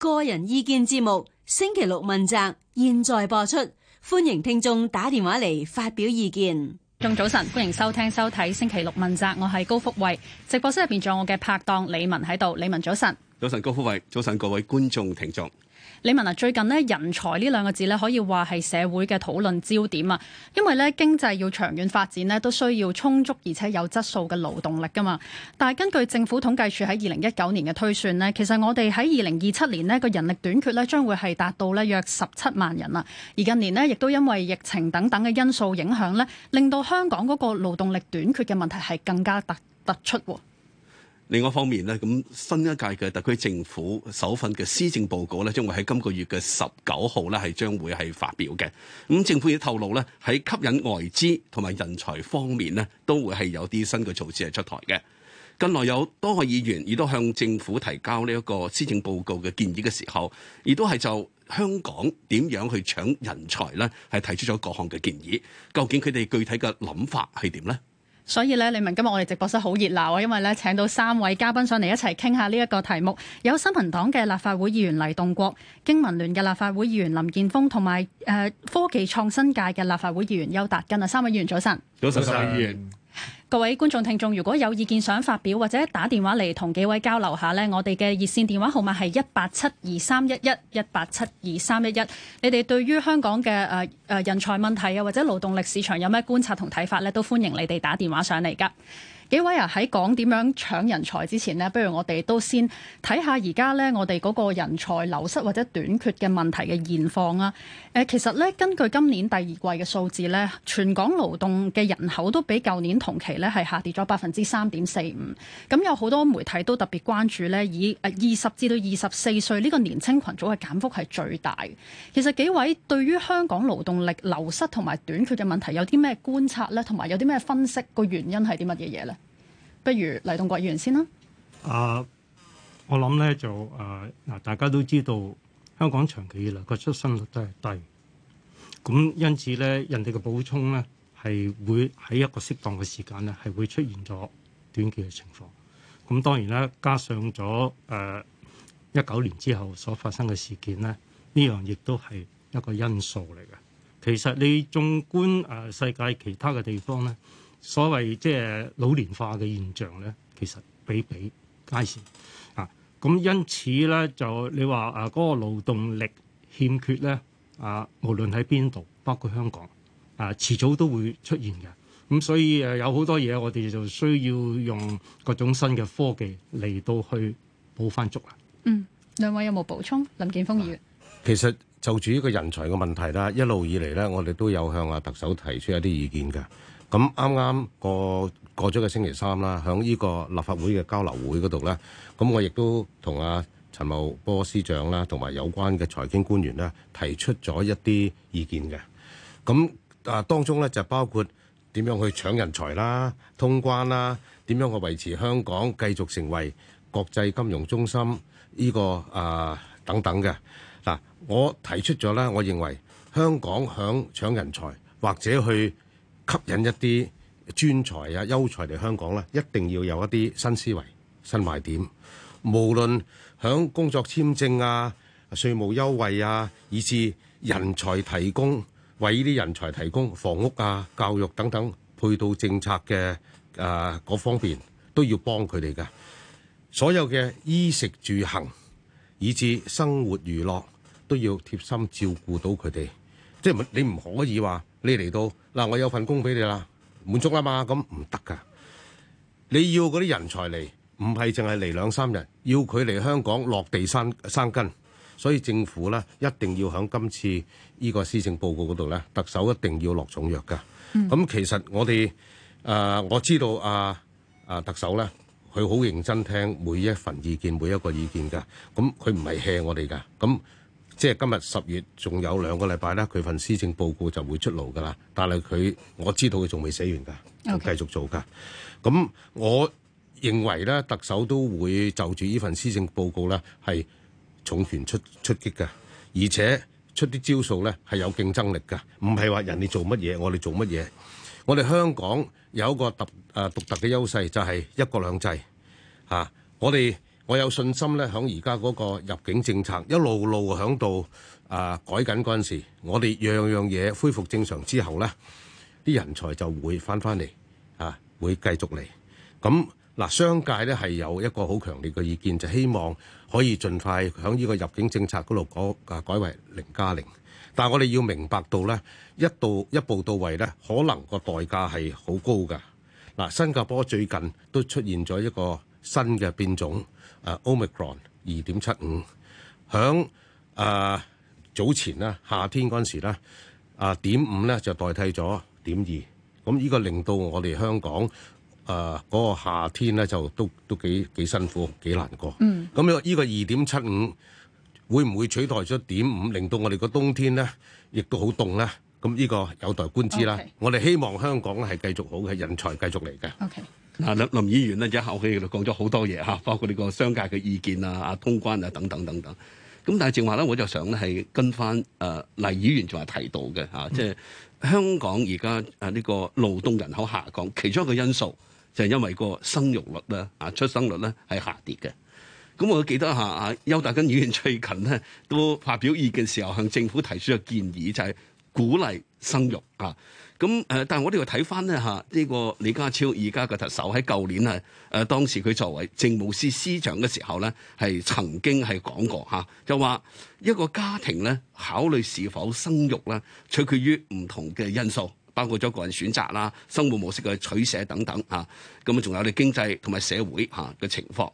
個人意見節目星期六問責，現在播出，歡迎聽眾打電話嚟發表意見。眾早晨，歡迎收聽收睇星期六問責，我係高福慧，直播室入邊仲有我嘅拍檔李文喺度。李文早晨，早晨高福慧，早晨各位觀眾聽眾。李文啊，最近咧人才呢兩個字咧，可以話係社會嘅討論焦點啊，因為咧經濟要長遠發展咧，都需要充足而且有質素嘅勞動力㗎嘛。但係根據政府統計處喺二零一九年嘅推算呢，其實我哋喺二零二七年咧個人力短缺咧將會係達到咧約十七萬人啦。而近年呢，亦都因為疫情等等嘅因素影響咧，令到香港嗰個勞動力短缺嘅問題係更加突突出喎。另外一方面呢，咁新一屆嘅特區政府首份嘅施政報告呢，將會喺今個月嘅十九號呢，係將會係發表嘅。咁政府亦透露呢，喺吸引外資同埋人才方面呢，都會係有啲新嘅措施係出台嘅。近來有多個議員亦都向政府提交呢一個施政報告嘅建議嘅時候，亦都係就香港點樣去搶人才呢，係提出咗各項嘅建議。究竟佢哋具體嘅諗法係點呢？所以咧，李明，今日我哋直播室好熱鬧啊，因為咧，請到三位嘉賓上嚟一齊傾下呢一個題目。有新民黨嘅立法會議員黎棟國，經民聯嘅立法會議員林健鋒，同埋誒科技創新界嘅立法會議員邱達根啊，三位議員早晨。早晨，三位議員。上上各位觀眾聽眾，如果有意見想發表或者打電話嚟同幾位交流下呢，我哋嘅熱線電話號碼係一八七二三一一一八七二三一一。你哋對於香港嘅誒誒人才問題啊，或者勞動力市場有咩觀察同睇法呢？都歡迎你哋打電話上嚟噶。幾位人，啊，喺講點樣搶人才之前呢，不如我哋都先睇下而家呢，我哋嗰個人才流失或者短缺嘅問題嘅現況啊。誒，呃，其實呢，根據今年第二季嘅數字呢，全港勞動嘅人口都比舊年同期呢係下跌咗百分之三點四五。咁有好多媒體都特別關注呢，以二十至到二十四歲呢個年輕群組嘅減幅係最大。其實幾位對於香港勞動力流失同埋短缺嘅問題有啲咩觀察呢？同埋有啲咩分析個原因係啲乜嘢嘢呢？不如黎棟國議員先啦。啊、uh，我諗咧就啊，嗱、呃，大家都知道香港長期以來個出生率都係低，咁因此咧，人哋嘅補充咧係會喺一個適當嘅時間咧係會，會出現咗短期嘅情況。咁當然啦，加上咗誒一九年之後所發生嘅事件咧，呢樣亦都係一個因素嚟嘅。其實你縱觀誒世界其他嘅地方咧。所謂即係老年化嘅現象咧，其實比比皆是啊！咁因此咧，就你話啊，嗰個勞動力欠缺咧啊，無論喺邊度，包括香港啊，遲早都會出現嘅。咁、啊、所以誒，有好多嘢我哋就需要用各種新嘅科技嚟到去補翻足啦。嗯，兩位有冇補充？林健鋒，啊，其實就住呢個人才嘅問題啦，一路以嚟咧，我哋都有向阿特首提出一啲意見嘅。咁啱啱過過咗個星期三啦，響呢個立法會嘅交流會嗰度咧，咁我亦都同阿陳茂波司長啦，同埋有關嘅財經官員呢，提出咗一啲意見嘅。咁啊，當中呢，就包括點樣去搶人才啦、通關啦，點樣去維持香港繼續成為國際金融中心呢個啊等等嘅。嗱，我提出咗呢，我認為香港響搶人才或者去吸引一啲專才啊、優才嚟香港啦，一定要有一啲新思維、新賣點。無論響工作簽證啊、稅務優惠啊，以至人才提供，為呢啲人才提供房屋啊、教育等等配套政策嘅誒嗰方面，都要幫佢哋嘅。所有嘅衣食住行，以至生活娛樂，都要貼心照顧到佢哋。即係你唔可以話你嚟到嗱，我有份工俾你啦，滿足啦嘛，咁唔得噶。你要嗰啲人才嚟，唔係淨係嚟兩三日，要佢嚟香港落地生生根。所以政府咧，一定要喺今次呢個施政報告嗰度咧，特首一定要落重藥噶。咁、嗯、其實我哋誒、呃，我知道阿阿、啊啊、特首咧，佢好認真聽每一份意見，每一個意見噶。咁佢唔係 hea 我哋噶。咁、嗯即係今日十月，仲有兩個禮拜咧，佢份施政報告就會出爐㗎啦。但係佢我知道佢仲未寫完㗎，繼續做㗎。咁、嗯、我認為咧，特首都會就住呢份施政報告咧，係重拳出出擊㗎，而且出啲招數咧係有競爭力㗎。唔係話人哋做乜嘢，我哋做乜嘢。我哋香港有一個特啊獨特嘅優勢就係、是、一國兩制嚇、啊，我哋。我有信心咧，響而家嗰個入境政策一路路響度啊改緊嗰陣時，我哋樣樣嘢恢復正常之後咧，啲人才就會翻翻嚟啊，會繼續嚟。咁嗱，商界咧係有一個好強烈嘅意見，就希望可以盡快響呢個入境政策嗰度改啊，改為零加零。但係我哋要明白到咧，一到一步到位咧，可能個代價係好高噶。嗱，新加坡最近都出現咗一個新嘅變種。啊，Omicron 二點七五，響、uh，啊早前啦，夏天嗰陣時啦，啊、呃、點五咧就代替咗點二，咁呢個令到我哋香港啊嗰、呃嗰個夏天咧就都都幾幾辛苦幾難過。嗯，咁呢個依個二點七五會唔會取代咗點五，令到我哋個冬天咧亦都好凍咧？咁呢個有待觀之啦。Okay. 我哋希望香港係繼續好嘅人才繼續嚟嘅。OK。Okay. 啊林林議員咧一口氣喺度講咗好多嘢嚇，包括呢個商界嘅意見啊、啊通關啊等等等等。咁但係正話咧，我就想咧係跟翻誒黎議員仲係提到嘅嚇，即係香港而家誒呢個勞動人口下降，其中一個因素就係因為個生育率咧、啊出生率咧係下跌嘅。咁我記得下阿邱達根議員最近呢都發表意見時候，向政府提出嘅建議就係鼓勵生育啊。咁誒，但係我哋又睇翻咧嚇呢個李家超而家個特首喺舊年啊，誒當時佢作為政務司司長嘅時候咧，係曾經係講過嚇，就話一個家庭咧考慮是否生育咧，取決於唔同嘅因素，包括咗個人選擇啦、生活模式嘅取捨等等嚇。咁啊，仲有啲經濟同埋社會嚇嘅情況。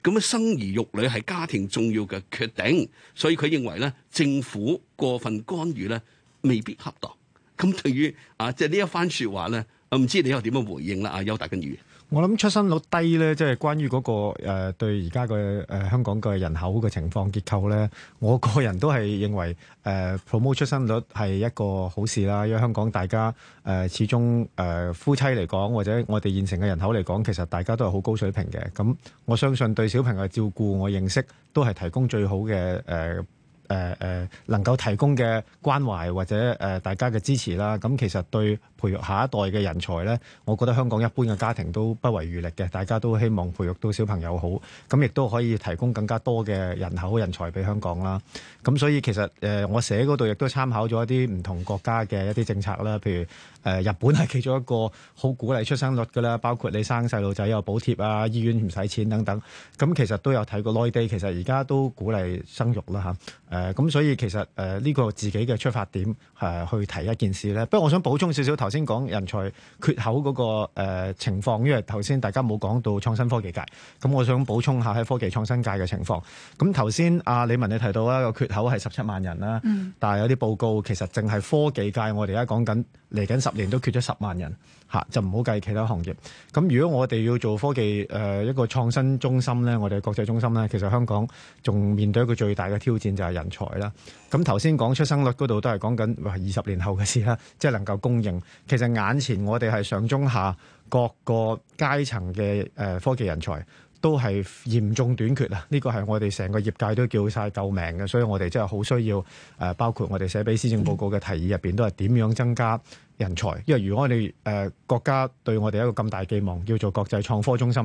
咁啊，生兒育女係家庭重要嘅決定，所以佢認為咧政府過分干預咧未必恰當。咁對於啊，即係呢一番説話咧，我唔知你又點樣回應啦？啊，邱、就、達、是啊、根如，我諗出生率低咧，即、就、係、是、關於嗰、那個誒、呃、對而家嘅誒香港嘅人口嘅情況結構咧，我個人都係認為誒 promote 出生率係一個好事啦，因為香港大家誒、呃、始終誒、呃、夫妻嚟講，或者我哋現成嘅人口嚟講，其實大家都係好高水平嘅。咁我相信對小朋友嘅照顧，我認識都係提供最好嘅誒。呃誒誒、呃、能夠提供嘅關懷或者誒、呃、大家嘅支持啦，咁其實對培育下一代嘅人才呢，我覺得香港一般嘅家庭都不遺餘力嘅，大家都希望培育到小朋友好，咁亦都可以提供更加多嘅人口人才俾香港啦。咁所以其實誒、呃，我寫嗰度亦都參考咗一啲唔同國家嘅一啲政策啦，譬如。誒日本係其中一個好鼓勵出生率嘅啦，包括你生細路仔有補貼啊、醫院唔使錢等等。咁其實都有睇過內地，其實而家都鼓勵生育啦吓。誒、呃、咁所以其實誒呢、呃呢個自己嘅出發點誒、呃、去提一件事咧。不過我想補充少少頭先講人才缺口嗰、嗰個、呃、情況，因為頭先大家冇講到創新科技界。咁我想補充下喺科技創新界嘅情況。咁頭先阿李文你提到啦，個缺口係十七萬人啦，但係有啲報告其實淨係科技界我哋而家講緊嚟緊十年都缺咗十萬人吓，就唔好計其他行業。咁如果我哋要做科技誒一個創新中心咧，我哋國際中心咧，其實香港仲面對一個最大嘅挑戰就係人才啦。咁頭先講出生率嗰度都係講緊哇二十年後嘅事啦，即係能夠供應。其實眼前我哋係上中下各個階層嘅誒科技人才都係嚴重短缺啊！呢個係我哋成個業界都叫晒救命嘅，所以我哋真係好需要誒，包括我哋寫俾施政報告嘅提議入邊都係點樣增加。人才，因為如果我哋誒國家對我哋一個咁大寄望，叫做國際創科中心，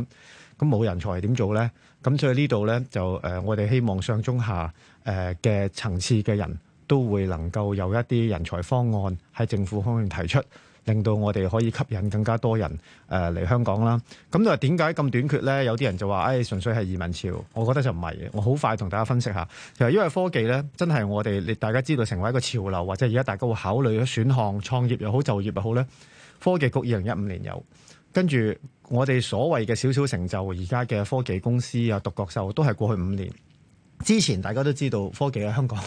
咁冇人才點做咧？咁所以呢度咧就誒、呃，我哋希望上中下誒嘅層次嘅人都會能夠有一啲人才方案喺政府方面提出。令到我哋可以吸引更加多人誒嚟、呃、香港啦。咁話點解咁短缺呢？有啲人就話誒、哎、純粹係移民潮，我覺得就唔係嘅。我好快同大家分析下，就係因為科技呢，真係我哋大家知道成為一個潮流，或者而家大家會考慮咗選項、創業又好、就業又好呢。科技局二零一五年有，跟住我哋所謂嘅少少成就，而家嘅科技公司啊、獨角獸都係過去五年。之前大家都知道科技喺香港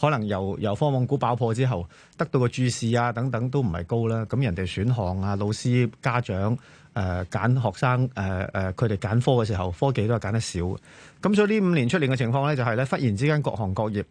可能由由科網股爆破之後得到嘅注視啊等等都唔係高啦，咁人哋選項啊老師、家長誒揀、呃、學生，誒誒佢哋揀科嘅時候科技都係揀得少嘅。咁所以呢五年出年嘅情況咧就係、是、咧忽然之間各行各業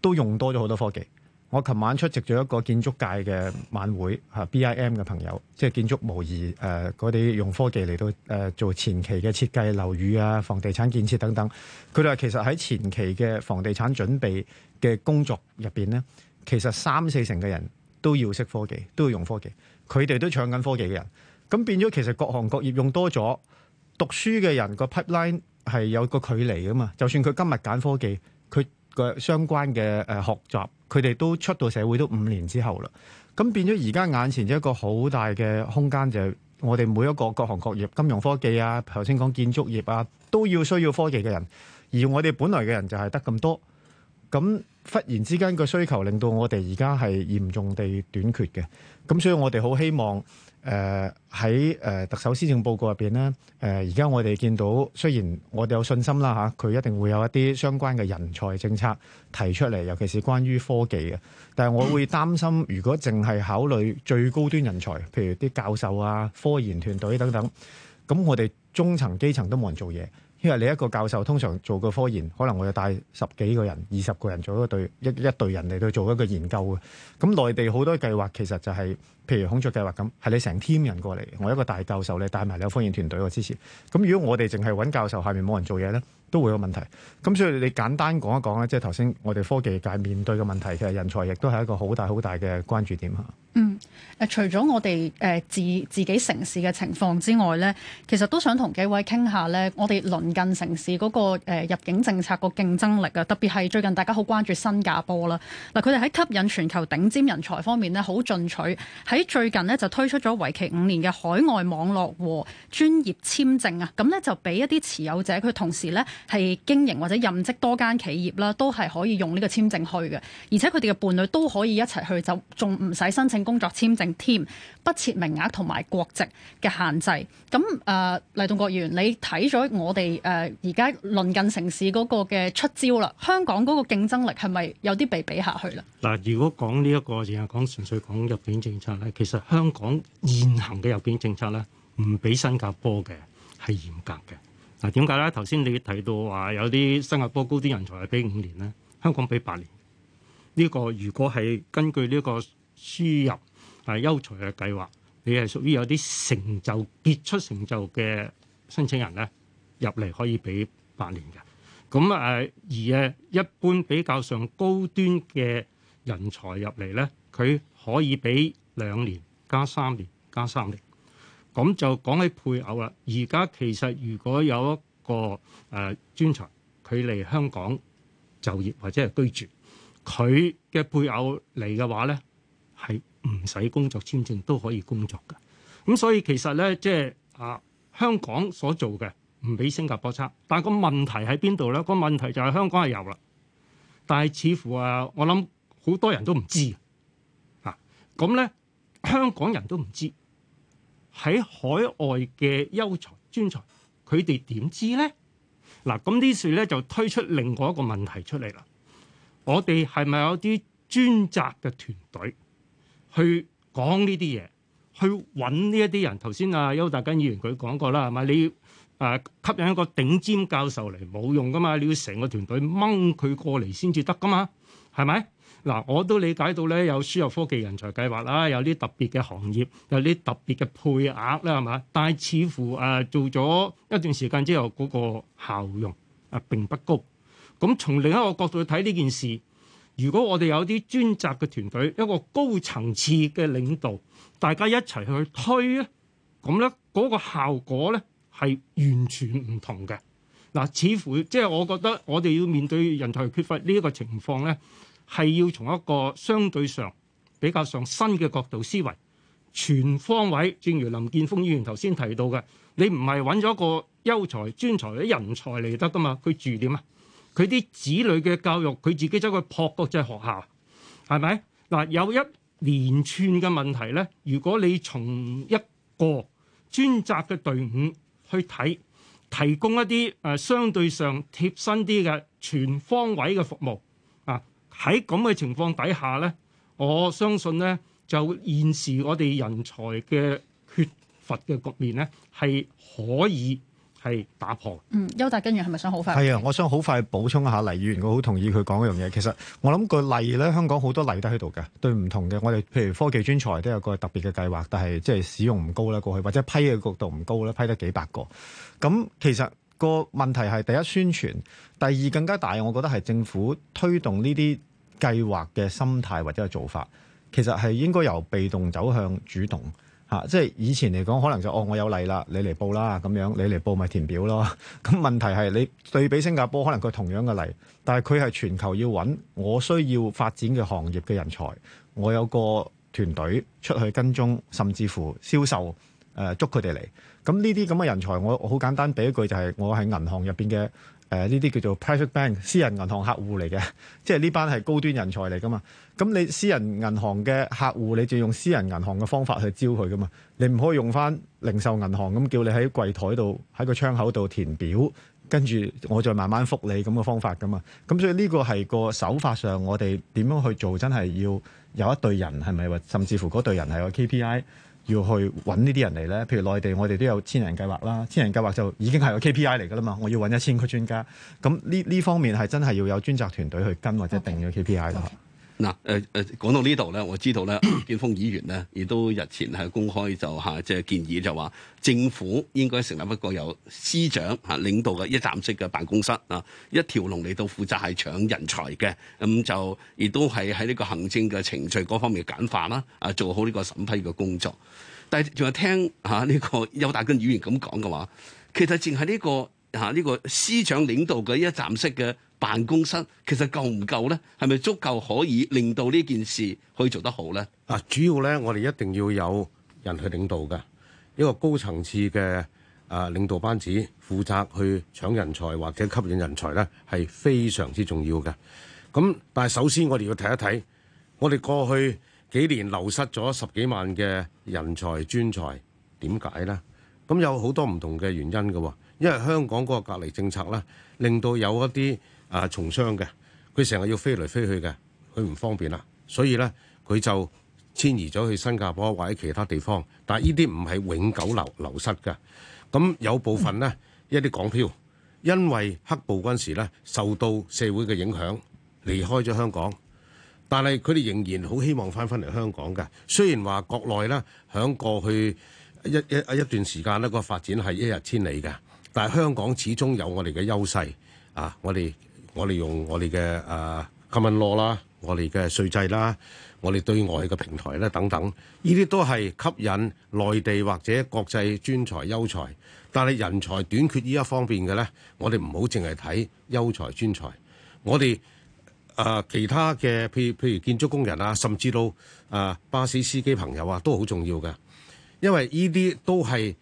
都用多咗好多科技。我琴晚出席咗一個建築界嘅晚會，吓 BIM 嘅朋友，即係建築模擬誒，嗰、呃、啲用科技嚟到誒做前期嘅設計、樓宇啊、房地產建設等等。佢哋話其實喺前期嘅房地產準備嘅工作入邊咧，其實三四成嘅人都要識科技，都要用科技，佢哋都搶緊科技嘅人。咁變咗，其實各行各業用多咗讀書嘅人個 pipeline 係有個距離噶嘛。就算佢今日揀科技，佢嘅相關嘅誒學習，佢哋都出到社會都五年之後啦，咁變咗而家眼前一個好大嘅空間就係我哋每一個各行各業，金融科技啊，頭先講建築業啊，都要需要科技嘅人，而我哋本來嘅人就係得咁多，咁忽然之間個需求令到我哋而家係嚴重地短缺嘅，咁所以我哋好希望。誒喺誒特首施政報告入邊咧，誒而家我哋見到雖然我哋有信心啦嚇，佢、啊、一定會有一啲相關嘅人才政策提出嚟，尤其是關於科技嘅。但係我會擔心，如果淨係考慮最高端人才，譬如啲教授啊、科研團隊等等，咁我哋中層、基層都冇人做嘢。因為你一個教授通常做個科研，可能我又帶十幾個人，二十個人做一個隊一一隊人嚟到做一個研究嘅。咁、嗯、內地好多計劃其實就係、是，譬如孔雀計劃咁，係你成 team 人過嚟，我一個大教授你帶埋你有科研團隊嘅支持。咁、嗯、如果我哋淨係揾教授，下面冇人做嘢咧，都會有問題。咁、嗯、所以你簡單講一講咧，即係頭先我哋科技界面對嘅問題，其實人才亦都係一個好大好大嘅關注點啊。嗯，誒、呃、除咗我哋誒、呃、自己自己城市嘅情況之外咧，其實都想同幾位傾下咧，我哋鄰近城市嗰、那個、呃、入境政策個競爭力啊，特別係最近大家好關注新加坡啦。嗱，佢哋喺吸引全球頂尖人才方面咧，好進取。喺最近咧就推出咗為期五年嘅海外網絡和專業簽證啊，咁咧就俾一啲持有者佢同時咧係經營或者任職多間企業啦，都係可以用呢個簽證去嘅，而且佢哋嘅伴侶都可以一齊去，就仲唔使申請。工作簽證，添不設名額同埋國籍嘅限制。咁誒、呃，黎棟國議員，你睇咗我哋誒而家鄰近城市嗰個嘅出招啦？香港嗰個競爭力係咪有啲被比，比下去啦？嗱，如果講呢一個，淨係講純粹講入境政策咧，其實香港現行嘅入境政策咧，唔比新加坡嘅係嚴格嘅嗱。點解咧？頭先你提到話有啲新加坡高啲人才係俾五年呢，香港俾八年呢、呢個。如果係根據呢、呢個。輸入誒優才嘅計劃，你係屬於有啲成就、傑出成就嘅申請人咧，入嚟可以俾八年嘅。咁誒而誒一般比較上高端嘅人才入嚟咧，佢可以俾兩年加三年加三年。咁就講起配偶啦。而家其實如果有一個誒專才佢嚟香港就業或者係居住，佢嘅配偶嚟嘅話咧，係唔使工作簽證都可以工作嘅，咁所以其實咧，即係啊，香港所做嘅唔比新加坡差，但係個問題喺邊度咧？個問題就係香港係有啦，但係似乎啊，我諗好多人都唔知啊。咁咧，香港人都唔知喺海外嘅優才專才，佢哋點知咧？嗱，啊，咁呢次咧就推出另外一個問題出嚟啦。我哋係咪有啲專責嘅團隊？去講呢啲嘢，去揾呢一啲人。頭先啊，邱達根議員佢講過啦，係咪？你要誒、呃、吸引一個頂尖教授嚟冇用噶嘛？你要成個團隊掹佢過嚟先至得噶嘛？係咪？嗱，我都理解到咧，有輸入科技人才計劃啦，有啲特別嘅行業，有啲特別嘅配額啦，係嘛？但係似乎誒、呃、做咗一段時間之後，嗰個效用啊、呃、並不高。咁從另一個角度去睇呢件事。如果我哋有啲專責嘅團隊，一個高層次嘅領導，大家一齊去推咧，咁咧嗰個效果咧係完全唔同嘅。嗱、呃，似乎即係我覺得我哋要面對人才缺乏呢一個情況咧，係要從一個相對上比較上新嘅角度思維，全方位。正如林健鋒議員頭先提到嘅，你唔係揾咗一個優才、專才嘅人才嚟得噶嘛？佢住點啊？佢啲子女嘅教育，佢自己走去撲國際學校，係咪？嗱，有一連串嘅問題咧。如果你從一個專責嘅隊伍去睇，提供一啲誒相對上貼身啲嘅全方位嘅服務啊，喺咁嘅情況底下咧，我相信咧就現時我哋人才嘅缺乏嘅局面咧係可以。係打破。嗯，優大跟住係咪想好快？係啊，我想好快補充一下黎議員，原來我好同意佢講一樣嘢。其實我諗個例咧，香港好多例都喺度嘅，對唔同嘅，我哋譬如科技專才都有個特別嘅計劃，但係即係使用唔高啦，過去或者批嘅角度唔高啦，批得幾百個。咁其實個問題係第一宣傳，第二更加大，我覺得係政府推動呢啲計劃嘅心態或者嘅做法，其實係應該由被動走向主動。啊！即係以前嚟講，可能就是，哦，我有例啦，你嚟報啦咁樣，你嚟報咪填表咯。咁 問題係你對比新加坡，可能佢同樣嘅例，但係佢係全球要搵我需要發展嘅行業嘅人才，我有個團隊出去跟蹤，甚至乎銷售誒、呃、捉佢哋嚟。咁呢啲咁嘅人才，我好簡單俾一句就係，我喺銀行入邊嘅。誒呢啲叫做 private bank 私人銀行客戶嚟嘅，即係呢班係高端人才嚟噶嘛。咁你私人銀行嘅客戶，你就用私人銀行嘅方法去招佢噶嘛。你唔可以用翻零售銀行咁叫你喺櫃台度喺個窗口度填表，跟住我再慢慢覆你咁嘅方法噶嘛。咁所以呢個係個手法上，我哋點樣去做真係要有一對人係咪話，甚至乎嗰對人係個 KPI。要去揾呢啲人嚟咧，譬如內地，我哋都有千人計劃啦。千人計劃就已經係個 KPI 嚟㗎喇嘛，我要揾一千個專家。咁呢，呢方面係真係要有專責團隊去跟，或者定咗 KPI 咯。嗱誒誒，講到呢度咧，我知道咧，健鋒議員咧亦都日前係公開就嚇即係建議就話，政府應該成立一個由司長嚇領導嘅一站式嘅辦公室啊，一條龍嚟到負責係搶人才嘅，咁、嗯、就亦都係喺呢個行政嘅程序嗰方面嘅簡化啦，啊做好呢個審批嘅工作。但係仲係聽嚇呢、啊這個邱達根議員咁講嘅話，其實淨係呢個嚇呢、啊這個司長領導嘅一站式嘅。辦公室其實夠唔夠呢？係咪足夠可以令到呢件事可以做得好呢？啊，主要呢，我哋一定要有人去領導噶，一個高層次嘅啊領導班子負責去搶人才或者吸引人才呢，係非常之重要嘅。咁但係首先我哋要睇一睇，我哋過去幾年流失咗十幾萬嘅人才專才，點解呢？咁有好多唔同嘅原因噶，因為香港個隔離政策呢，令到有一啲。呃從商嘅，N 我哋用我哋嘅誒《uh, Common Law》啦，我哋嘅稅制啦，我哋對外嘅平台咧等等，呢啲都係吸引內地或者國際專才優才。但係人才短缺呢一方面嘅咧，我哋唔好淨係睇優才專才。我哋誒、呃、其他嘅，譬如譬如建築工人啊，甚至到誒、呃、巴士司機朋友啊，都好重要嘅，因為呢啲都係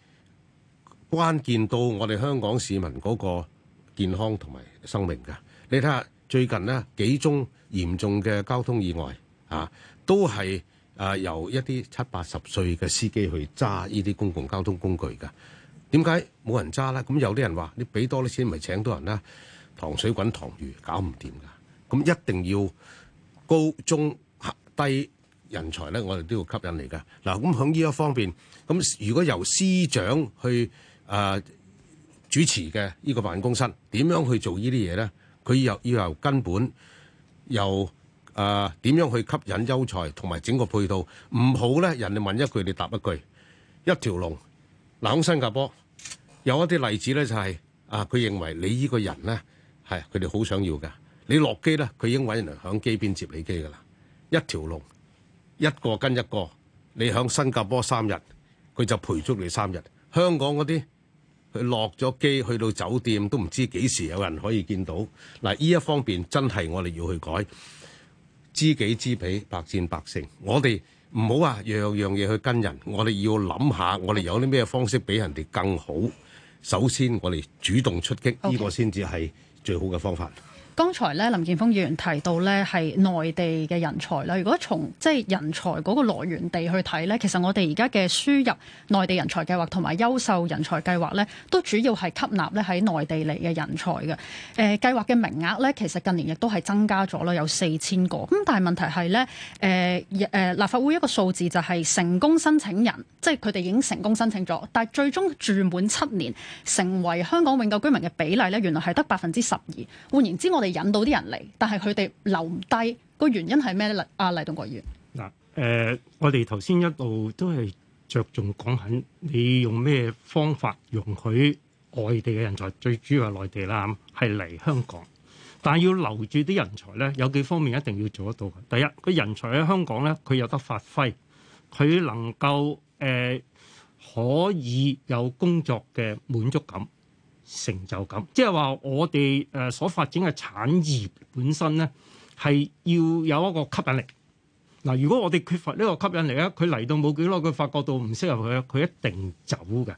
關鍵到我哋香港市民嗰個健康同埋生命嘅。你睇下最近呢幾宗嚴重嘅交通意外，嚇都係誒由一啲七八十歲嘅司機去揸呢啲公共交通工具噶。點解冇人揸咧？咁有啲人話：你俾多啲錢，咪請到人啦。糖水滾糖魚，搞唔掂噶。咁一定要高中低人才咧，我哋都要吸引嚟噶。嗱，咁喺呢一方面，咁如果由司長去誒主持嘅呢個辦公室，點樣去做呢啲嘢咧？佢又要由根本，由誒、呃、點樣去吸引優才同埋整個配套，唔好咧，人哋問一句你答一句，一條龍。嗱，響新加坡有一啲例子咧，就係、是、啊，佢認為你依個人咧係佢哋好想要嘅，你落機咧，佢已經揾人響機邊接你機噶啦，一條龍一個跟一個，你響新加坡三日，佢就陪足你三日。香港嗰啲。佢落咗機去到酒店都唔知幾時有人可以見到。嗱，呢一方面真係我哋要去改，知己知彼，百戰百勝。我哋唔好話樣樣嘢去跟人，我哋要諗下我哋有啲咩方式比人哋更好。首先我哋主動出擊，呢 Okay. 個先至係最好嘅方法。剛才咧林健鋒議員提到咧，係內地嘅人才啦。如果從即係人才嗰個來源地去睇咧，其實我哋而家嘅輸入內地人才計劃同埋優秀人才計劃咧，都主要係吸納咧喺內地嚟嘅人才嘅。誒、呃、計劃嘅名額咧，其實近年亦都係增加咗啦，有四千個。咁但係問題係咧，誒、呃、誒立法會一個數字就係成功申請人，即係佢哋已經成功申請咗，但係最終住滿七年成為香港永久居民嘅比例咧，原來係得百分之十二。換言之，我哋引到啲人嚟，但係佢哋留唔低，個原因係咩咧？阿、啊、黎棟國議員嗱，誒、呃，我哋頭先一度都係着重講緊，你用咩方法容許外地嘅人才，最主要係內地啦，係嚟香港，但係要留住啲人才咧，有幾方面一定要做得到。第一，個人才喺香港咧，佢有得發揮，佢能夠誒、呃、可以有工作嘅滿足感。成就感，即係話我哋誒所發展嘅產業本身咧，係要有一個吸引力。嗱，如果我哋缺乏呢個吸引力咧，佢嚟到冇幾耐，佢發覺到唔適合佢，佢一定走嘅。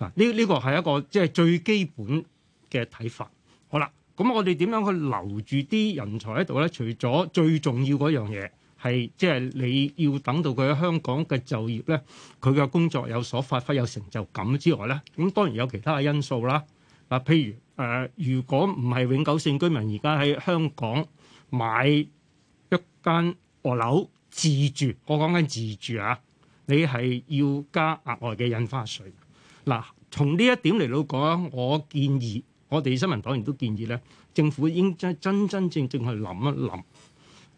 嗱，呢呢個係一個即係最基本嘅睇法。好啦，咁我哋點樣去留住啲人才喺度咧？除咗最重要嗰樣嘢。係即係你要等到佢喺香港嘅就業咧，佢嘅工作有所發揮，有成就感之外咧，咁當然有其他嘅因素啦。嗱，譬如誒、呃，如果唔係永久性居民而家喺香港買一間屋樓自住，我講緊自住啊，你係要加額外嘅印花稅。嗱，從呢一點嚟到講，我建議我哋新民黨員都建議咧，政府應真真真正正去諗一諗。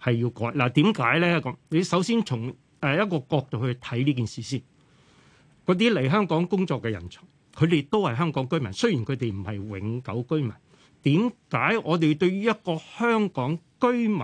係要改嗱？點解呢？咁你首先從誒一個角度去睇呢件事先。嗰啲嚟香港工作嘅人才，佢哋都係香港居民，雖然佢哋唔係永久居民。點解我哋對於一個香港居民，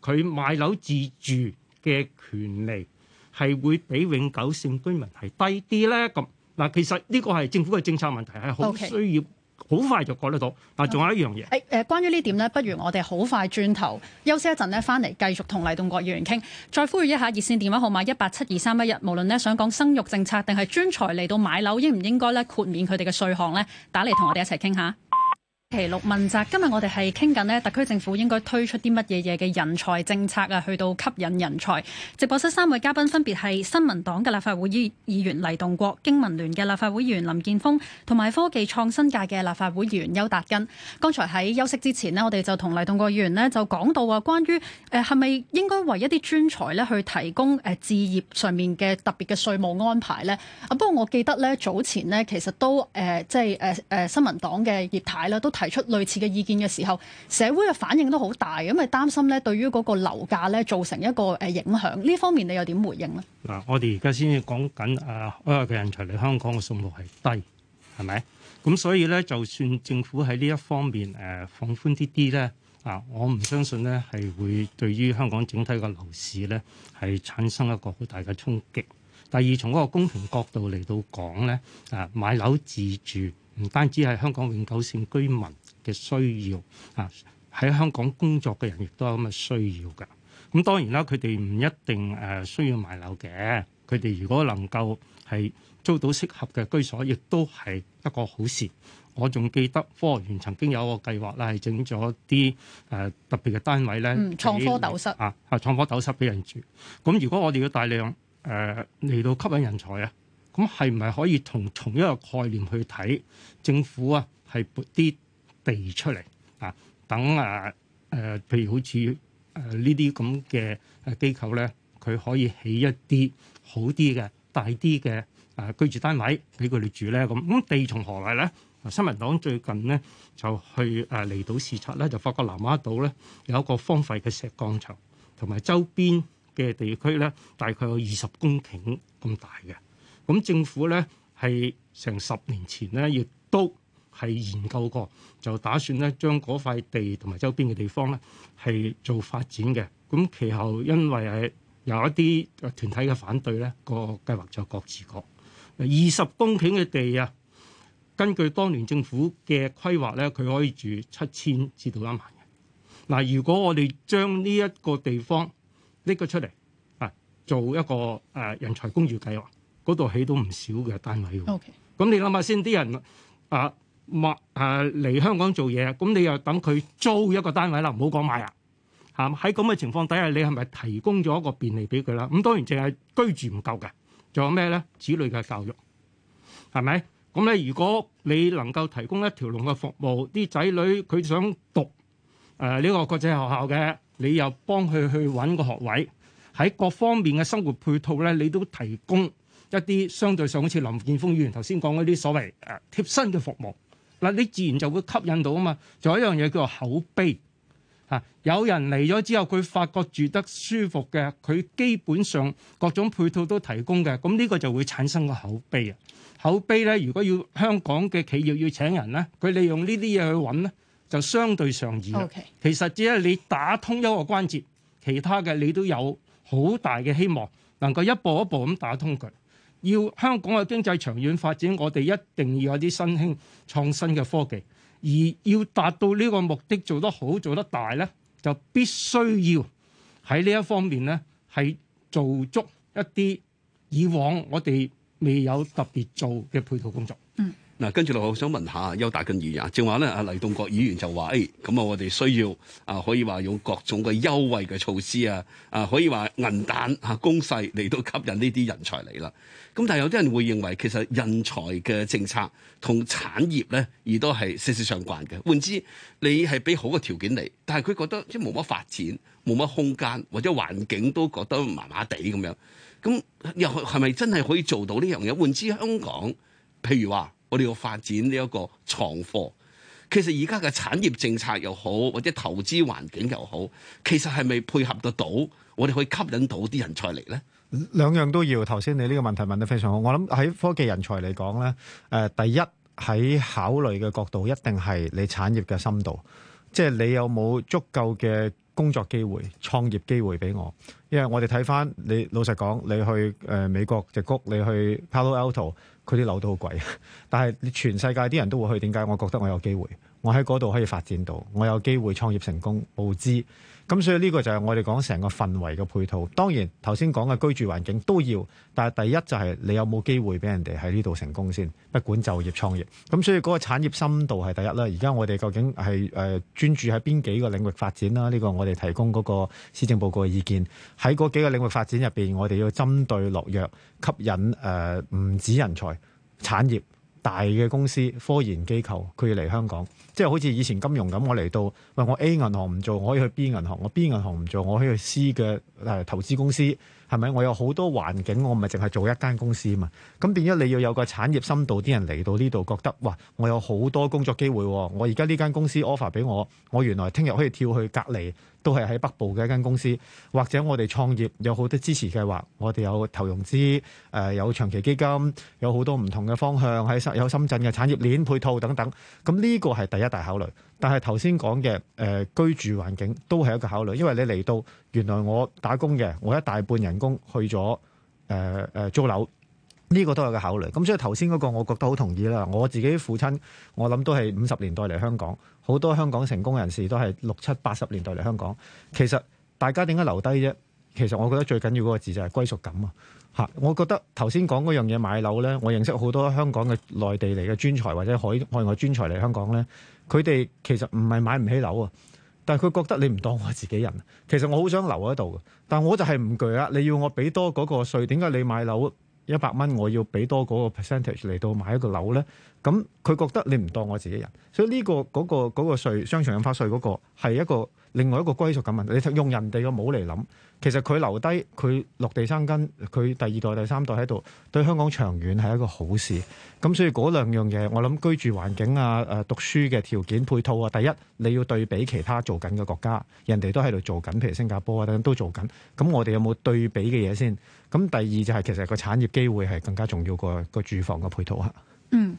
佢買樓自住嘅權利係會比永久性居民係低啲呢？咁嗱，其實呢個係政府嘅政策問題，係好需要。好快就過得到，但仲有一樣嘢誒誒，關於呢點咧，不如我哋好快轉頭休息一陣咧，翻嚟繼續同黎棟國議員傾。再呼籲一下熱線電話號碼一八七二三一一，31, 無論咧想講生育政策定係專才嚟到買樓，應唔應該咧豁免佢哋嘅稅項咧？打嚟同我哋一齊傾下。期六問責，今日我哋係傾緊咧，特區政府應該推出啲乜嘢嘢嘅人才政策啊，去到吸引人才。直播室三位嘉賓分別係新民黨嘅立法會議議員黎棟國、經民聯嘅立法會議員林健鋒，同埋科技創新界嘅立法會議員邱達根。剛才喺休息之前咧，我哋就同黎棟國議員咧就講到話，關於誒係咪應該為一啲專才咧去提供誒置業上面嘅特別嘅稅務安排咧？啊，不過我記得咧早前咧其實都誒即係誒誒新民黨嘅葉太咧都。提出類似嘅意見嘅時候，社會嘅反應都好大，咁咪擔心咧，對於嗰個樓價咧造成一個誒影響。呢方面你又點回應咧？啊，我哋而家先至講緊啊，海外人才嚟香港嘅數目係低，係咪？咁所以咧，就算政府喺呢一方面誒、啊、放寬啲啲咧，啊，我唔相信咧係會對於香港整體嘅樓市咧係產生一個好大嘅衝擊。第二，從嗰個公平角度嚟到講咧，啊，買樓自住。唔單止係香港永久性居民嘅需要，啊，喺香港工作嘅人亦都有咁嘅需要㗎。咁當然啦，佢哋唔一定誒需要買樓嘅。佢哋如果能夠係租到適合嘅居所，亦都係一個好事。我仲記得科學園曾經有個計劃啦，係整咗啲誒特別嘅單位咧、嗯，創科斗室啊，創科斗室俾人住。咁如果我哋要大量誒嚟、啊、到吸引人才啊！咁係唔係可以同同一個概念去睇政府啊？係撥啲地出嚟啊，等啊，誒、呃，譬如好似誒呢啲咁嘅機構咧，佢可以起一啲好啲嘅大啲嘅啊居住單位俾佢哋住咧。咁咁地從何嚟咧？新民黨最近咧就去誒、啊、離島視察咧，就發覺南丫島咧有一個荒廢嘅石鋼場，同埋周邊嘅地區咧大概有二十公頃咁大嘅。咁政府咧係成十年前咧，亦都係研究過，就打算咧將嗰塊地同埋周邊嘅地方咧係做發展嘅。咁其後因為係有一啲團體嘅反對咧，個計劃就各自各二十公頃嘅地啊。根據當年政府嘅規劃咧，佢可以住七千至到一萬人。嗱，如果我哋將呢一個地方拎咗出嚟啊，做一個誒、呃、人才公寓計劃。嗰度起到唔少嘅單位喎，咁 Okay. 你諗下先，啲人啊，默啊嚟香港做嘢，咁你又等佢租一個單位啦，唔好講買啊，嚇喺咁嘅情況底下，你係咪提供咗一個便利俾佢啦？咁當然淨係居住唔夠嘅，仲有咩咧？子女嘅教育係咪？咁咧，如果你能夠提供一條龍嘅服務，啲仔女佢想讀誒呢、呃呢個國際學校嘅，你又幫佢去揾個學位，喺各方面嘅生活配套咧，你都提供。一啲相對上好似林健鋒議員頭先講嗰啲所謂誒、啊、貼身嘅服務嗱、啊，你自然就會吸引到啊嘛。仲有一樣嘢叫做口碑嚇、啊，有人嚟咗之後，佢發覺住得舒服嘅，佢基本上各種配套都提供嘅，咁、嗯、呢、這個就會產生個口碑啊。口碑咧，如果要香港嘅企業要請人咧，佢利用呢啲嘢去揾咧，就相對上易 Okay. 其實只係你打通一個關節，其他嘅你都有好大嘅希望能夠一步一步咁打通佢。要香港嘅經濟長遠發展，我哋一定要有啲新興創新嘅科技。而要達到呢個目的，做得好、做得大呢，就必須要喺呢一方面呢，係做足一啲以往我哋未有特別做嘅配套工作。嗯。嗱，跟住落我想問下邱達根議員，正話咧，阿黎棟國議員就話，誒、哎，咁啊，我哋需要啊，可以話有各種嘅優惠嘅措施啊，啊，可以話銀彈嚇攻勢嚟到吸引呢啲人才嚟啦。咁但係有啲人會認為，其實人才嘅政策同產業咧，而都係息息相關嘅。換之，你係俾好嘅條件嚟，但係佢覺得即係冇乜發展、冇乜空間或者環境都覺得麻麻地咁樣。咁又係咪真係可以做到呢樣嘢？換之，香港譬如話。我哋要發展呢一個創科，其實而家嘅產業政策又好，或者投資環境又好，其實係咪配合得到？我哋可以吸引到啲人才嚟咧？兩樣都要。頭先你呢個問題問得非常好。我諗喺科技人才嚟講咧，誒、呃、第一喺考慮嘅角度，一定係你產業嘅深度，即係你有冇足夠嘅工作機會、創業機會俾我。因為我哋睇返你老實講，你去誒、呃、美國矽谷，你去 Palo Alto。佢啲樓都好貴，但係全世界啲人都會去，點解？我覺得我有機會，我喺嗰度可以發展到，我有機會創業成功，投資。咁所以呢個就係我哋講成個氛圍嘅配套，當然頭先講嘅居住環境都要，但係第一就係你有冇機會俾人哋喺呢度成功先，不管就業創業。咁所以嗰個產業深度係第一啦。而家我哋究竟係誒專注喺邊幾個領域發展啦？呢個我哋提供嗰個施政報告嘅意見喺嗰幾個領域發展入邊，我哋要針對落藥吸引誒唔、呃、止人才產業。大嘅公司、科研機構佢嚟香港，即係好似以前金融咁，我嚟到，喂，我 A 銀行唔做，我可以去 B 銀行，我 B 銀行唔做，我可以去 C 嘅誒投資公司。係咪？我有好多環境，我唔係淨係做一間公司嘛。咁變咗你要有個產業深度，啲人嚟到呢度覺得，哇！我有好多工作機會。我而家呢間公司 offer 俾我，我原來聽日可以跳去隔離，都係喺北部嘅一間公司。或者我哋創業有好多支持計劃，我哋有投融資，誒有長期基金，有好多唔同嘅方向，喺有深圳嘅產業鏈配套等等。咁呢個係第一大考慮。但係頭先講嘅誒居住環境都係一個考慮，因為你嚟到原來我打工嘅，我一大半人工去咗，誒、呃、誒租樓，呢、這個都有個考慮。咁所以頭先嗰個，我覺得好同意啦。我自己父親，我諗都係五十年代嚟香港，好多香港成功人士都係六七八十年代嚟香港。其實大家點解留低啫？其實我覺得最緊要嗰個字就係歸屬感啊！嚇，我覺得頭先講嗰樣嘢買樓咧，我認識好多香港嘅內地嚟嘅專才或者海外外專才嚟香港咧，佢哋其實唔係買唔起樓啊。但佢覺得你唔當我自己人，其實我好想留喺度嘅，但我就係唔攰啊！你要我俾多嗰個稅，點解你買樓一百蚊我要俾多嗰個 percentage 嚟到買一個樓咧？咁佢覺得你唔當我自己人，所以呢個嗰個嗰個稅，商場印花稅嗰個係一個。另外一個歸屬感問題，你用人哋個帽嚟諗，其實佢留低佢落地生根，佢第二代、第三代喺度對香港長遠係一個好事。咁所以嗰兩樣嘢，我諗居住環境啊、誒、呃、讀書嘅條件配套啊，第一你要對比其他做緊嘅國家，人哋都喺度做緊，譬如新加坡啊等等都做緊。咁我哋有冇對比嘅嘢先？咁第二就係其實個產業機會係更加重要過個住房嘅配套啊。嗯。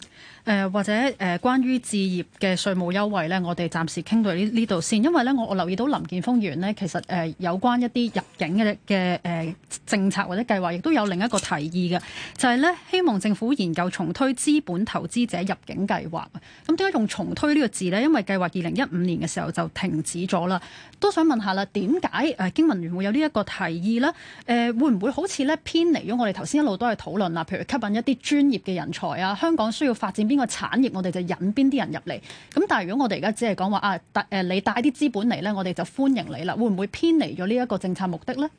誒、呃，或者誒、呃，關於置業嘅稅務優惠咧，我哋暫時傾到呢呢度先。因為咧，我我留意到林健鋒議員呢，其實誒、呃、有關一啲入境嘅嘅誒政策或者計劃，亦都有另一個提議嘅，就係、是、咧希望政府研究重推資本投資者入境計劃。咁點解用重推呢、這個字呢？因為計劃二零一五年嘅時候就停止咗啦。都想問下啦，點解誒經民聯會有呢一個提議呢？誒、呃，會唔會好似咧偏離咗我哋頭先一路都係討論啦？譬如吸引一啲專業嘅人才啊，香港。需要發展邊個產業，我哋就引邊啲人入嚟。咁但係如果我哋而家只係講話啊，誒，你帶啲資本嚟呢，我哋就歡迎你啦，會唔會偏離咗呢一個政策目的呢？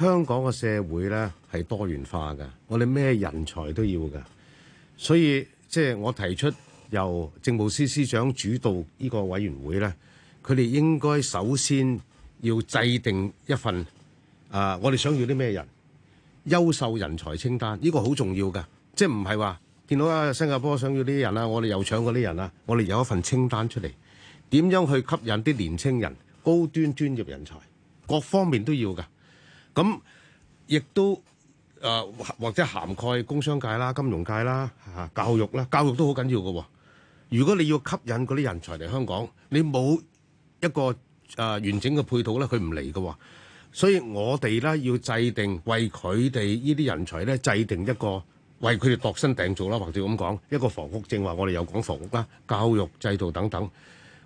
香港嘅社會呢，係多元化噶，我哋咩人才都要噶，所以即係、就是、我提出由政務司司長主導呢個委員會呢，佢哋應該首先要制定一份啊，我哋想要啲咩人優秀人才清單，呢、這個好重要噶，即係唔係話。見到啊，新加坡想要呢啲人啊，我哋又搶嗰啲人啊，我哋有一份清單出嚟，點樣去吸引啲年輕人、高端專業人才，各方面都要噶。咁亦都誒、呃，或者涵蓋工商界啦、金融界啦、教育啦，教育都好緊要噶。如果你要吸引嗰啲人才嚟香港，你冇一個誒、呃、完整嘅配套咧，佢唔嚟噶。所以我哋咧要制定為佢哋呢啲人才咧制定一個。為佢哋度身訂做啦，或者咁講，一個房屋正話我哋有講房屋啦，教育制度等等，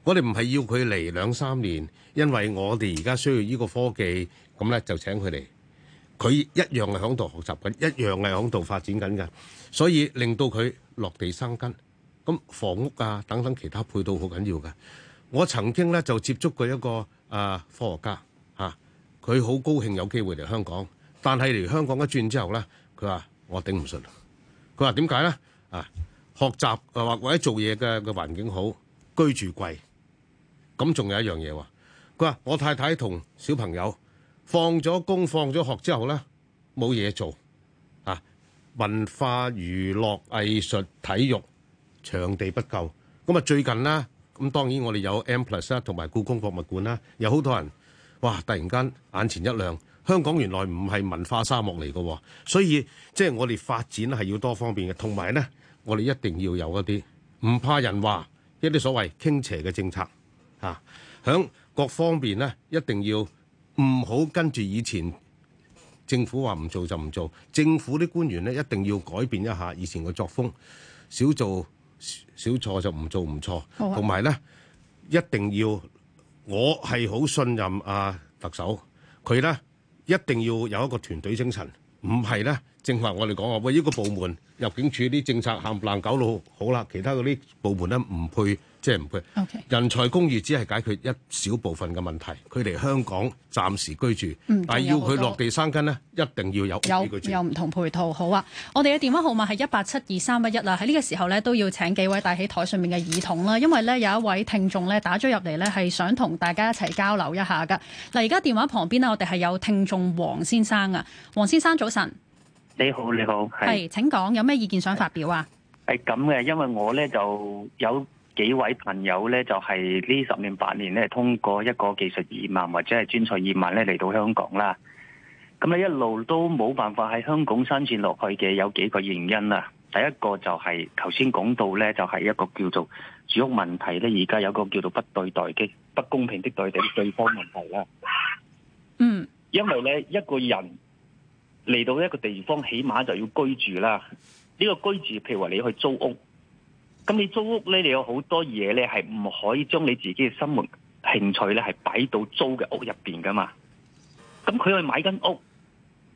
我哋唔係要佢嚟兩三年，因為我哋而家需要呢個科技，咁呢，就請佢嚟，佢一樣係響度學習緊，一樣係響度發展緊噶，所以令到佢落地生根。咁房屋啊，等等其他配套好緊要噶。我曾經呢，就接觸過一個啊科學家，吓，佢好高興有機會嚟香港，但係嚟香港一轉之後呢，佢話我頂唔順。佢話點解咧？啊，學習或、呃、或者做嘢嘅嘅環境好，居住貴。咁仲有一樣嘢喎。佢話我太太同小朋友放咗工、放咗學之後咧，冇嘢做。啊，文化、娛樂、藝術、體育場地不夠。咁、嗯、啊，最近啦，咁當然我哋有 M+ 啊，同埋故宮博物館啦、啊，有好多人哇！突然間眼前一亮。香港原來唔係文化沙漠嚟嘅。哦，所以即係我哋發展係要多方面嘅，同埋呢，我哋一定要有一啲唔怕人話一啲所謂傾斜嘅政策嚇。響、啊、各方面呢，一定要唔好跟住以前政府話唔做就唔做，政府啲官員呢，一定要改變一下以前嘅作風，少做少錯就唔做唔錯，同埋好呢，一定要我係好信任阿、啊、特首佢呢。一定要有一個團隊精神，唔係咧，正話我哋講話，喂，依個部門入境處啲政策行唔難搞到好，好啦，其他嗰啲部門呢，唔配。即係唔配，Okay. 人才公寓只係解決一小部分嘅問題。佢嚟香港暫時居住，嗯、但係要佢落地生根呢，一定要有有唔同配套。好啊，我哋嘅電話號碼係一八七二三一一啦。喺呢個時候呢，都要請幾位戴起台上面嘅耳筒啦，因為呢有一位聽眾呢打咗入嚟呢，係想同大家一齊交流一下噶。嗱，而家電話旁邊呢，我哋係有聽眾黃先生啊。黃先生早晨，你好你好係，請講，有咩意見想發表啊？係咁嘅，因為我呢就有。幾位朋友呢，就係呢十年八年呢，通過一個技術移民或者係專才移民呢嚟到香港啦。咁你一路都冇辦法喺香港生存落去嘅，有幾個原因啦。第一個就係頭先講到呢，就係一個叫做住屋問題呢，而家有個叫做不對待的不公平的對等對方問題啦。嗯，因為呢，一個人嚟到一個地方，起碼就要居住啦。呢個居住，譬如話你去租屋。咁你租屋咧，你有好多嘢咧，係唔可以將你自己嘅生活興趣咧，係擺到租嘅屋入邊噶嘛？咁佢去買間屋，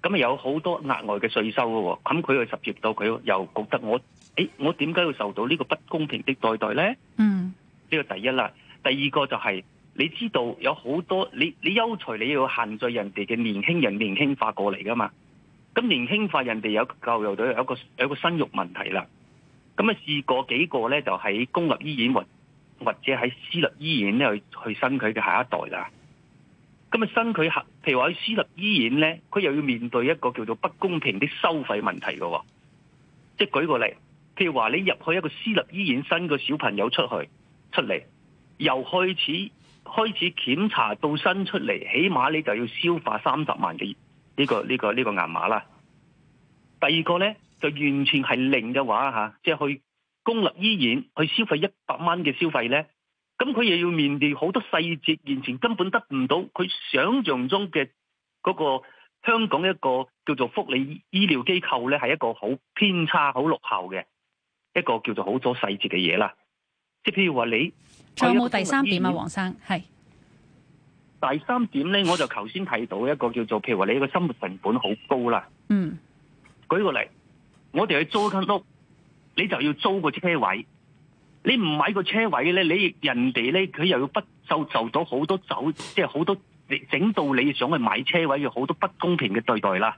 咁咪有好多額外嘅稅收咯、哦。咁佢去拾劫到，佢又覺得我，哎，我點解會受到呢個不公平的待待咧？嗯，呢個第一啦。第二個就係、是、你知道有好多你你優才你要限制人哋嘅年輕人年輕化過嚟噶嘛？咁年輕化人哋有教育到，有一個有一個生育問題啦。咁啊，試過幾個咧，就喺公立醫院或或者喺私立醫院咧去去生佢嘅下一代啦。咁啊，生佢譬如話喺私立醫院咧，佢又要面對一個叫做不公平的收費問題嘅、哦。即係舉個例，譬如話你入去一個私立醫院生個小朋友出去出嚟，由開始開始檢查到生出嚟，起碼你就要消化三十萬嘅呢、這個呢、這個呢、這個銀碼、這個、啦。第二個咧。就完全係零嘅話嚇、啊，即係去公立醫院去消費一百蚊嘅消費咧，咁佢又要面對好多細節，完全根本得唔到佢想像中嘅嗰個香港一個叫做福利醫療機構咧，係一個好偏差、好落後嘅一個叫做好多細節嘅嘢啦。即係譬如話你仲有冇第三點嘛、啊，黃生係第三點咧，我就頭先睇到一個叫做譬如話你個生活成本好高啦。嗯，舉個例。我哋去租間屋，你就要租個車位。你唔買個車位咧，你人哋咧佢又要不受受到好多酒，即係好多你整到你想去買車位，有好多不公平嘅對待啦。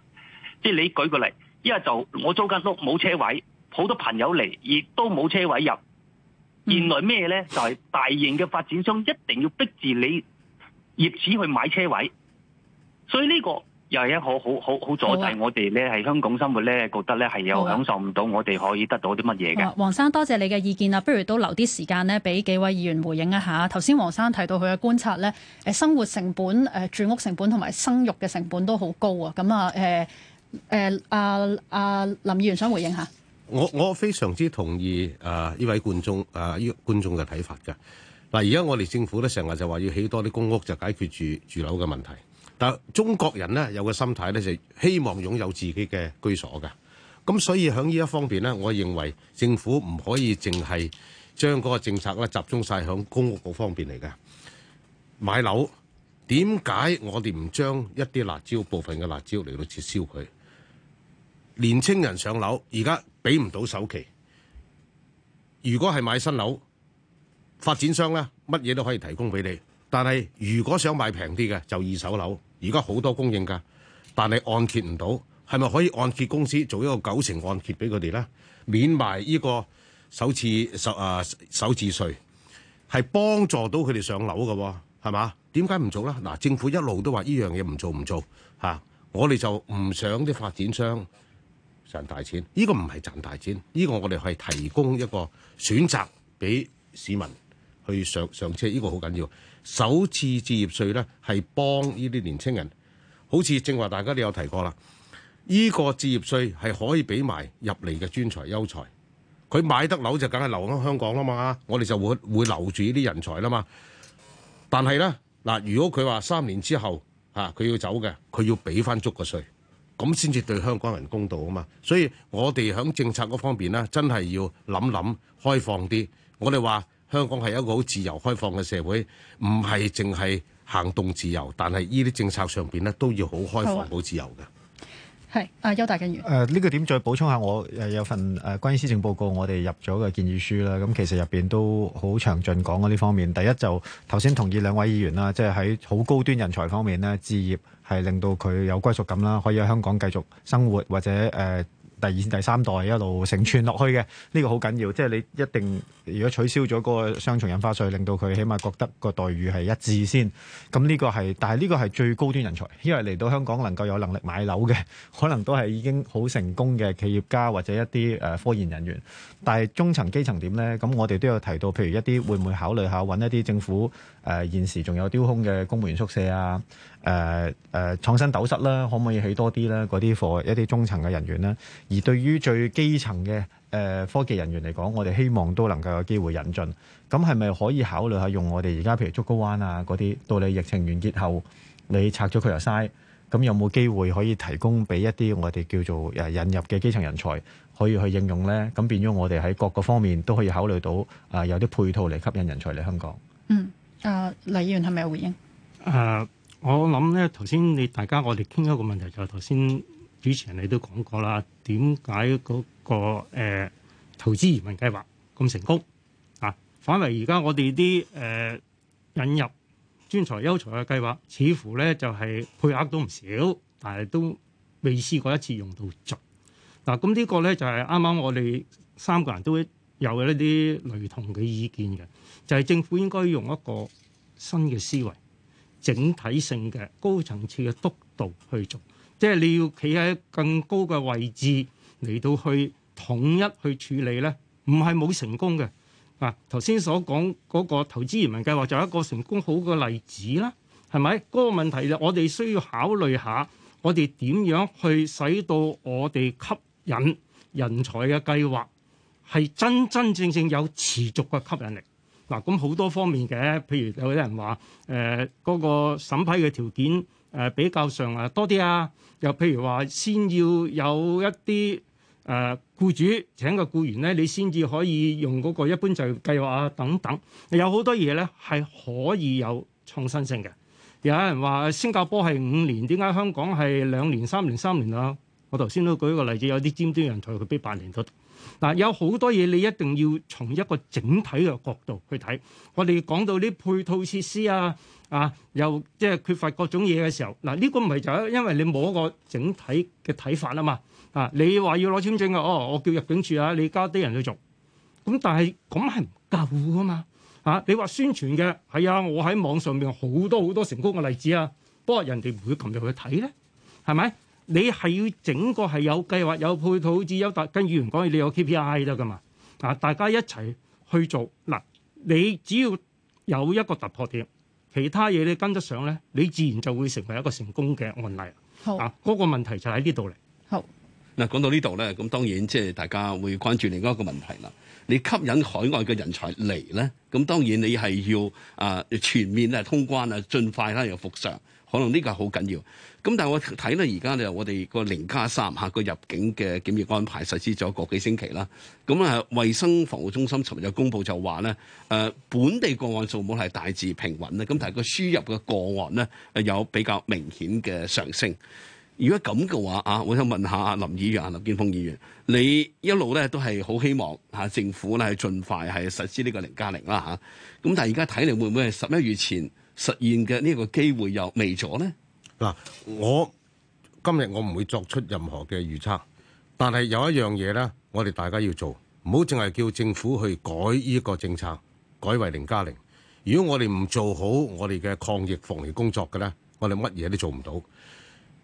即係你舉個例，一係就我租間屋冇車位，好多朋友嚟亦都冇車位入。原來咩咧？就係、是、大型嘅發展商一定要逼住你業主去買車位，所以呢、這個。又係一個好好好好助勢，啊、我哋咧喺香港生活咧，覺得咧係又享受唔到，我哋可以得到啲乜嘢嘅？黃、啊、生，多謝你嘅意見啊！不如都留啲時間呢，俾幾位議員回應一下。頭先黃生提到佢嘅觀察咧，誒生活成本、誒、呃、住屋成本同埋生育嘅成本都好高啊！咁啊誒誒啊啊，啊林議員想回應下。我我非常之同意啊呢位觀眾啊呢觀眾嘅睇法㗎。嗱而家我哋政府咧成日就話要起多啲公屋，就解決住住，住樓嘅問題。但係中國人呢有個心態呢，就希望擁有自己嘅居所嘅。咁所以喺呢一方面呢，我認為政府唔可以淨係將嗰個政策呢集中晒喺公屋嗰方面嚟嘅。買樓，點解我哋唔將一啲辣招部分嘅辣招嚟到撤銷佢？年青人上樓而家俾唔到首期，如果係買新樓，發展商呢乜嘢都可以提供俾你。但係如果想買平啲嘅就二手樓，而家好多供應㗎，但係按揭唔到，係咪可以按揭公司做一個九成按揭俾佢哋咧？免埋呢個首次首啊首置稅，係幫助到佢哋上樓嘅、哦，係嘛？點解唔做咧？嗱、啊，政府一路都話依樣嘢唔做唔做吓、啊，我哋就唔想啲發展商賺大錢，呢個唔係賺大錢，呢個我哋係提供一個選擇俾市民。去上上車，呢、這個好緊要。首次置業稅呢，係幫呢啲年青人，好似正話，大家都有提過啦。呢、這個置業稅係可以俾埋入嚟嘅專才優才，佢買得樓就梗係留喺香港啦嘛。我哋就會會留住呢啲人才啦嘛。但係呢，嗱，如果佢話三年之後嚇佢、啊、要走嘅，佢要俾翻足個稅，咁先至對香港人公道啊嘛。所以我哋響政策嗰方面呢，真係要諗諗開放啲。我哋話。香港係一個好自由開放嘅社會，唔係淨係行動自由，但係呢啲政策上邊咧都要好開放、好、啊、自由嘅。係啊，邱達根議員。呢、呃這個點再補充下我，我誒有份誒、呃、關於施政報告，我哋入咗嘅建議書啦。咁、嗯、其實入邊都好詳盡講嗰啲方面。第一就頭先同意兩位議員啦，即係喺好高端人才方面呢，置業係令到佢有歸屬感啦，可以喺香港繼續生活或者誒。呃第二、第三代一路承傳落去嘅，呢、這個好緊要。即係你一定，如果取消咗嗰個雙重印花稅，令到佢起碼覺得個待遇係一致先。咁呢個係，但係呢個係最高端人才，因為嚟到香港能夠有能力買樓嘅，可能都係已經好成功嘅企業家或者一啲誒、呃、科研人員。但係中層基層點咧？咁我哋都有提到，譬如一啲會唔會考慮下揾一啲政府誒、呃、現時仲有丟空嘅公務員宿舍啊？誒誒，uh, uh, 創新斗室啦，可唔可以起多啲咧？嗰啲貨，一啲中層嘅人員咧，而對於最基層嘅誒科技人員嚟講，我哋希望都能夠有機會引進。咁係咪可以考慮下用我哋而家譬如竹篙灣啊嗰啲，到你疫情完結後，你拆咗佢又嘥。咁有冇機會可以提供俾一啲我哋叫做誒引入嘅基層人才可以去應用咧？咁變咗我哋喺各個方面都可以考慮到啊，有啲配套嚟吸引人才嚟香港。嗯，啊、呃，黎議員係咪有回應？啊。Uh, 我諗咧，頭先你大家我哋傾一個問題，就係頭先主持人你都講過啦，點解嗰個、呃、投資移民計劃咁成功啊？反為而家我哋啲誒引入專才優才嘅計劃，似乎咧就係、是、配額都唔少，但係都未試過一次用到盡。嗱、啊、咁、嗯這個、呢個咧就係啱啱我哋三個人都有嘅一啲雷同嘅意見嘅，就係、是、政府應該用一個新嘅思維。整體性嘅高層次嘅督導去做，即係你要企喺更高嘅位置嚟到去統一去處理呢，唔係冇成功嘅。啊，頭先所講嗰個投資移民計劃就係一個成功好嘅例子啦，係咪？嗰個問題就我哋需要考慮下，我哋點樣去使到我哋吸引人才嘅計劃係真真正正有持續嘅吸引力。嗱，咁好、啊、多方面嘅，譬如有啲人話，誒嗰個審批嘅條件誒、呃、比較上啊多啲啊，又譬如話，先要有一啲誒僱主請個僱員咧，你先至可以用嗰個一般就業計劃啊等等，有好多嘢咧係可以有創新性嘅。有，有人話新加坡係五年，點解香港係兩年、三年、三年啊？我頭先都舉個例子，有啲尖端人才佢俾八年多年。嗱、啊，有好多嘢你一定要從一個整體嘅角度去睇。我哋講到啲配套設施啊，啊，又即係缺乏各種嘢嘅時候，嗱、啊，呢、呢個唔係就係因為你冇一個整體嘅睇法啊嘛。啊，你話要攞簽證啊，哦，我叫入境處啊，你加啲人去做。咁但係咁係唔夠噶嘛？啊，你話宣傳嘅，係啊，我喺網上面好多好多成功嘅例子啊，不過人哋唔會撳入去睇咧，係咪？你係要整個係有計劃、有配套，至有達根議員講，你有 KPI 得㗎嘛？啊，大家一齊去做嗱，你只要有一個突破點，其他嘢你跟得上咧，你自然就會成為一個成功嘅案例。好啊，嗰、這個問題就喺呢度嚟。好嗱，講到呢度咧，咁當然即係大家會關注另一個問題啦。你吸引海外嘅人才嚟咧，咁當然你係要啊、呃、全面啊通關啊，儘快啦有復常。可能呢個好緊要，咁但係我睇咧，而家咧我哋個零加三嚇個入境嘅檢疫安排實施咗個幾星期啦。咁啊，衞生防護中心尋日公布就話咧，誒、呃、本地個案數目係大致平穩啦。咁但係個輸入嘅個案咧，有比較明顯嘅上升。如果咁嘅話啊，我想問下林議員啊，林健鋒議員，你一路咧都係好希望嚇政府咧盡快係實施呢個零加零啦嚇。咁但係而家睇嚟會唔會係十一月前？實現嘅呢個機會又未咗呢？嗱，我今日我唔會作出任何嘅預測，但係有一樣嘢呢，我哋大家要做，唔好淨係叫政府去改呢個政策，改為零加零。如果我哋唔做好我哋嘅抗疫防疫工作嘅呢，我哋乜嘢都做唔到。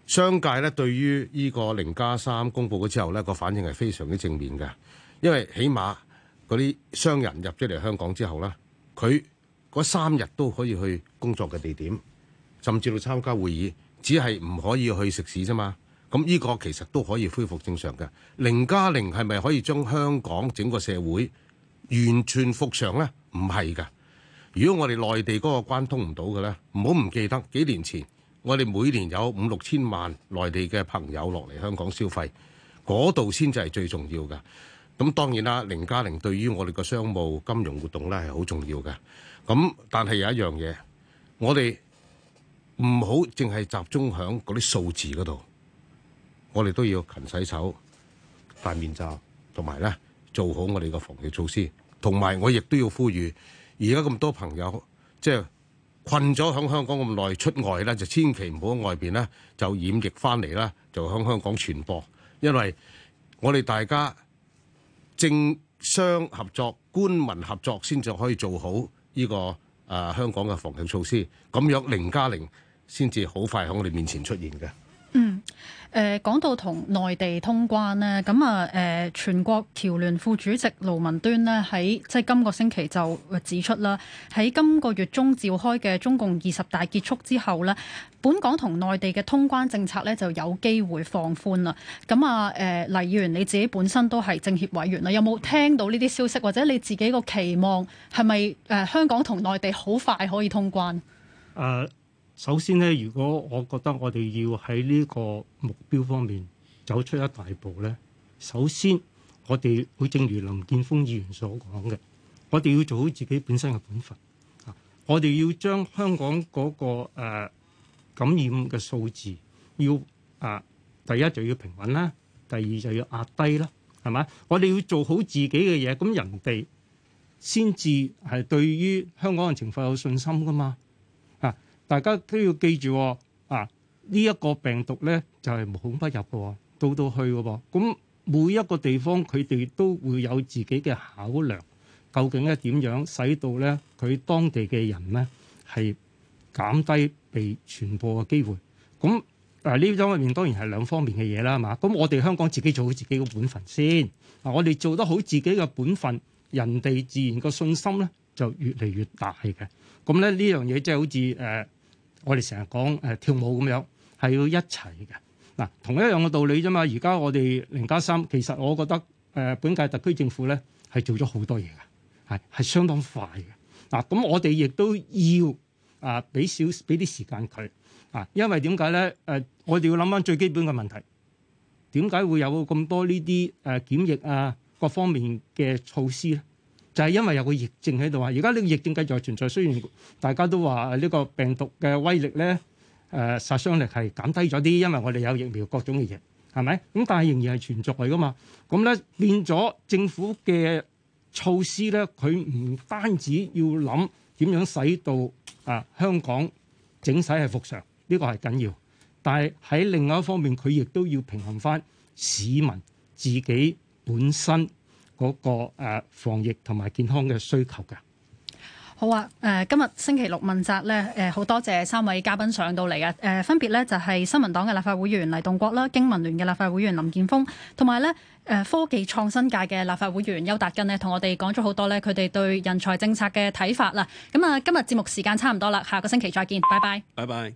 商界呢，對於呢個零加三公佈咗之後呢，個反應係非常之正面嘅，因為起碼嗰啲商人入咗嚟香港之後呢，佢，嗰三日都可以去工作嘅地點，甚至去參加會議，只係唔可以去食肆啫嘛。咁呢個其實都可以恢復正常嘅。零加零係咪可以將香港整個社會完全復常咧？唔係㗎。如果我哋內地嗰個關通唔到嘅咧，唔好唔記得幾年前我哋每年有五六千萬內地嘅朋友落嚟香港消費嗰度先至係最重要嘅，咁當然啦，零加零對於我哋個商務金融活動咧係好重要嘅。咁，但係有一樣嘢，我哋唔好淨係集中喺嗰啲數字嗰度，我哋都要勤洗手、戴面罩，同埋咧做好我哋個防疫措施。同埋，我亦都要呼籲，而家咁多朋友即係、就是、困咗喺香港咁耐，出外咧就千祈唔好喺外邊咧就染疫翻嚟啦，就向香港傳播。因為我哋大家政商合作、官民合作，先至可以做好。呢、這個啊、呃、香港嘅防疫措施，咁樣零加零先至好快喺我哋面前出現嘅。誒，講、呃、到同內地通關咧，咁啊，誒，全國僑聯副主席盧文端咧喺即係今個星期就指出啦，喺今個月中召開嘅中共二十大結束之後咧，本港同內地嘅通關政策咧就有機會放寬啦。咁啊，誒，黎議員你自己本身都係政協委員啦，有冇聽到呢啲消息？或者你自己個期望係咪誒，香港同內地好快可以通關？誒。Uh, 首先咧，如果我覺得我哋要喺呢個目標方面走出一大步咧，首先我哋會正如林健鋒議員所講嘅，我哋要做好自己本身嘅本分，我哋要將香港嗰個誒感染嘅數字要啊，第一就要平穩啦，第二就要壓低啦，係咪？我哋要做好自己嘅嘢，咁人哋先至係對於香港嘅情況有信心噶嘛。大家都要記住、哦、啊！呢、這、一個病毒咧就係無孔不入嘅、哦，到到去嘅噃、哦。咁、嗯、每一個地方佢哋都會有自己嘅考量，究竟咧點樣使到咧佢當地嘅人咧係減低被傳播嘅機會？咁、嗯、啊呢張入面當然係兩方面嘅嘢啦，係嘛？咁、嗯、我哋香港自己做好自己嘅本分先，啊、我哋做得好自己嘅本分，人哋自然個信心咧就越嚟越大嘅。咁咧呢樣嘢即係好似誒～、呃我哋成日講誒跳舞咁樣，係要一齊嘅。嗱、啊，同一樣嘅道理啫嘛。而家我哋零加三，其實我覺得誒、呃、本屆特區政府咧係做咗好多嘢㗎，係係相當快嘅。嗱、啊，咁我哋亦都要啊，俾少俾啲時間佢啊，因為點解咧？誒、啊，我哋要諗翻最基本嘅問題，點解會有咁多呢啲誒檢疫啊各方面嘅措施呢？但係因為有個疫症喺度啊！而家呢個疫症繼續存在，雖然大家都話呢個病毒嘅威力咧，誒、呃、殺傷力係減低咗啲，因為我哋有疫苗各種嘅嘢，係咪？咁但係仍然係存在嚟噶嘛？咁咧變咗政府嘅措施咧，佢唔單止要諗點樣使到啊、呃、香港整體係復常，呢、呢個係緊要。但係喺另外一方面，佢亦都要平衡返市民自己本身。嗰個防疫同埋健康嘅需求嘅，好啊！誒、呃、今日星期六問責咧，誒、呃、好多謝三位嘉賓上到嚟啊！誒、呃、分別咧就係、是、新民黨嘅立法會議員黎棟國啦、經民聯嘅立法會議員林健鋒，同埋咧誒科技創新界嘅立法會議員邱達根呢同我哋講咗好多咧，佢哋對人才政策嘅睇法啦。咁啊，今日節目時間差唔多啦，下個星期再見，拜拜，拜拜。